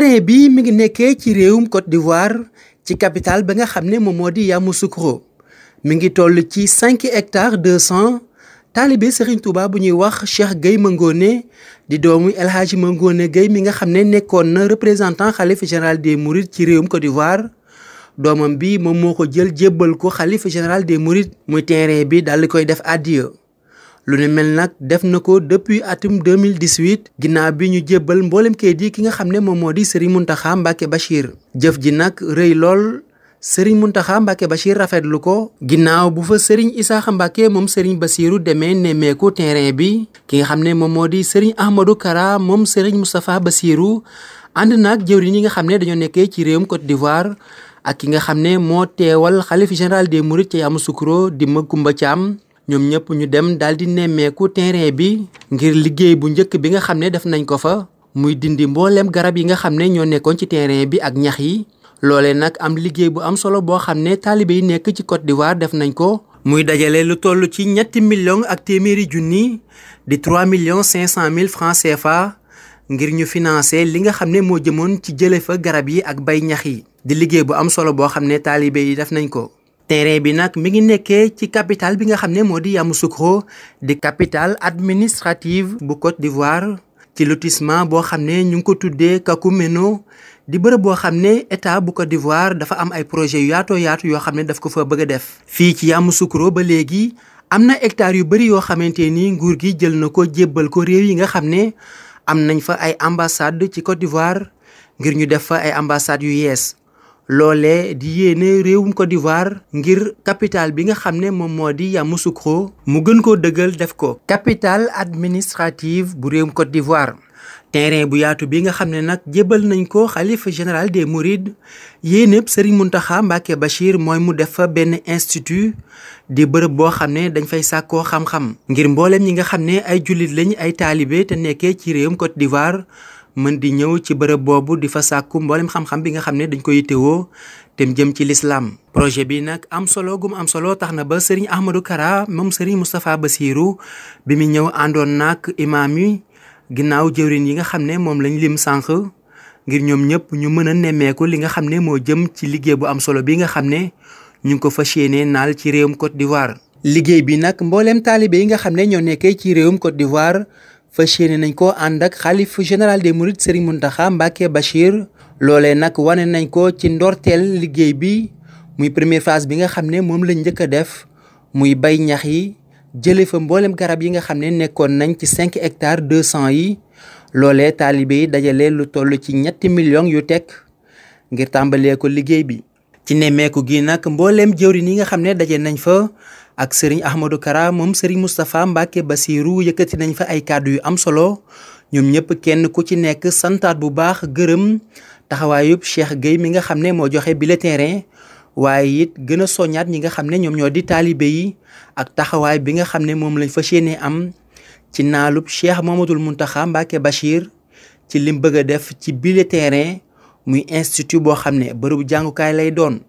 téere bi mi ngi nekkee ci réewum Côte d'Ivoire ci capitale ba nga xam ne moom moo di Yamoussoukro mi ngi toll ci hectare hectares 200 taalibe Serigne Touba bu ñuy wax Cheikh Gueye Mangone di doomu El Hadji Mangone Gueye mi nga xam ne nekkoon na représentant xalifa général des Mourides ci réewum Côte d'Ivoire doomam bi moom moo ko jël jébbal ko xalifa général de Mourides muy terrain bi daal di koy def àddiya lu ne mel nag def na ko depuis atum mille 2018 ginnaaw bi ñu jébbal mboolem kayit yi ki nga xam ne moom moo di Serigne Mountakha Mbacké Bachir jëf ji nag rëy lool Serigne Mountakha Mbacké Bachir rafetlu ko ginaaw bu fa Serigne Issakha Mbacké moom Serigne basiru demee nemmeeku terrain bi ki nga xam ne moom moo di Serigne Ahmadou Kara moom Serigne Moustapha Bassirou ànd nag jëwriñ yi nga xam ne dañoo nekkee ci réewum Côte d'Ivoire ak ki nga xam ne moo teewal xalif général des Mourides ca Yamoussoukro di Macoumba Thiam ñoom ñëpp ñu dem daal di nemmeeku terrain bi ngir liggéey bu njëkk bi nga xam ne def nañ ko fa muy dindi mboolem garab yi nga xam ne ñoo nekkoon ci terrain bi ak ñax yi loole nag am liggéey bu am solo boo xam ne taalibe yi nekk ci Côte d'Ivoire def nañ ko muy dajale lu toll ci ñetti million ak téeméeri junni di million cinq cent mille francs CFA ngir ñu financer li nga xam ne moo jëmoon ci jële fa garab yi ak bay ñax yi di liggéey bu am solo boo xam ne taalibe yi def nañ ko terrain bi nag mi ngi nekkee ci capital bi nga xam ne moo di Yamoussoukro di capitale administrative bu Côte d'Ivoire ci lotissement boo xam ne ñu ngi ko tuddee Kakumeno di bërëb boo xam ne état bu Côte d'Ivoire dafa am ay projets yu yaato yaatu yoo xam ne daf ko fa bëgg a def. fii ci Yamoussoukro ba léegi am na hectares yu bëri yoo xamante ni nguur gi jël na ko jébbal ko réew yi nga xam ne am nañ fa ay ambassade ci Côte d'Ivoire ngir ñu def fa ay ambassades yu yees. loole di yéene réewum Côte d'Ivoire ngir capitale bi nga xam ne moom moo di Yamoussoukro mu gën koo dëggal def ko capitale administrative bu réewum Côte d'Ivoire terrain bu yaatu bi nga xam ne nag jëbbal nañ ko xalifa général des mourides yéenëb Serigne Mountakha Mbacké Bachir mooy mu def fa benn institut di bërëb boo xam ne dañ fay sàkkoo xam-xam ngir mbooleem ñi nga xam ne ay jullit lañ ay taalibe te nekkee ci réewum Côte d'Ivoire mën di ñëw ci bërëb boobu di fa sàkku mboolem xam-xam bi nga xam ne dañ koy yittewoo te mu jëm ci lislaam projet bi nag am solo gum am solo tax na ba sëriñ Ahmadou Kara moom sëriñ Moustapha Bassirou bi mu ñëw àndoon nag imaam yi ginnaaw jëwrin yi nga xam ne moom lañ lim sànq ngir ñoom ñëpp ñu mën a nemmeeku li nga xam ne moo jëm ci liggéey bu am solo bi nga xam ne ñu ngi ko fas yéene naal ci réewum Côte d'Ivoire. liggéey bi nag mboolem taalibe yi nga xam ne ñoo nekkee ci réewum Côte d'Ivoire fas yéene nañ ko ànd ak xalifu général de des seriñ Serigne Mountakha Mbacké Bachir loole nag wane nañ ko ci ndorteel liggéey bi muy premier phase bi nga xam ne moom lañ njëkk a def muy bay ñax yi jëlee fa mbooleem garab yi nga xam ne nekkoon nañ ci 5 hectares 200 yi loole taalibe yi dajale lu toll ci ñetti millions yu teg ngir tàmbalee ko liggéey bi. ci nemmeeku gi nag mbooleem jëwriñ yi nga xam ne daje nañ fa ak sëriñ Ahmadou Kara moom sëriñ Moustapha Mbacke Bassirou yëkkati nañ fa ay kàddu yu am solo ñoom ñëpp kenn ku ci nekk santaat bu baax gërëm taxawaayub Cheikh Gueye mi nga xam ne moo joxe bi le terrain waaye it gën a soññaat ñi nga xam ne ñoom ñoo di taalibe yi ak taxawaay bi nga xam ne moom lañ fa yéene am ci naalub Cheikh Mamadou Mountakha Mbacke Bachir ci lim bëgg a def ci bile terrain muy institut boo xam ne bërëbu jàngukaay lay doon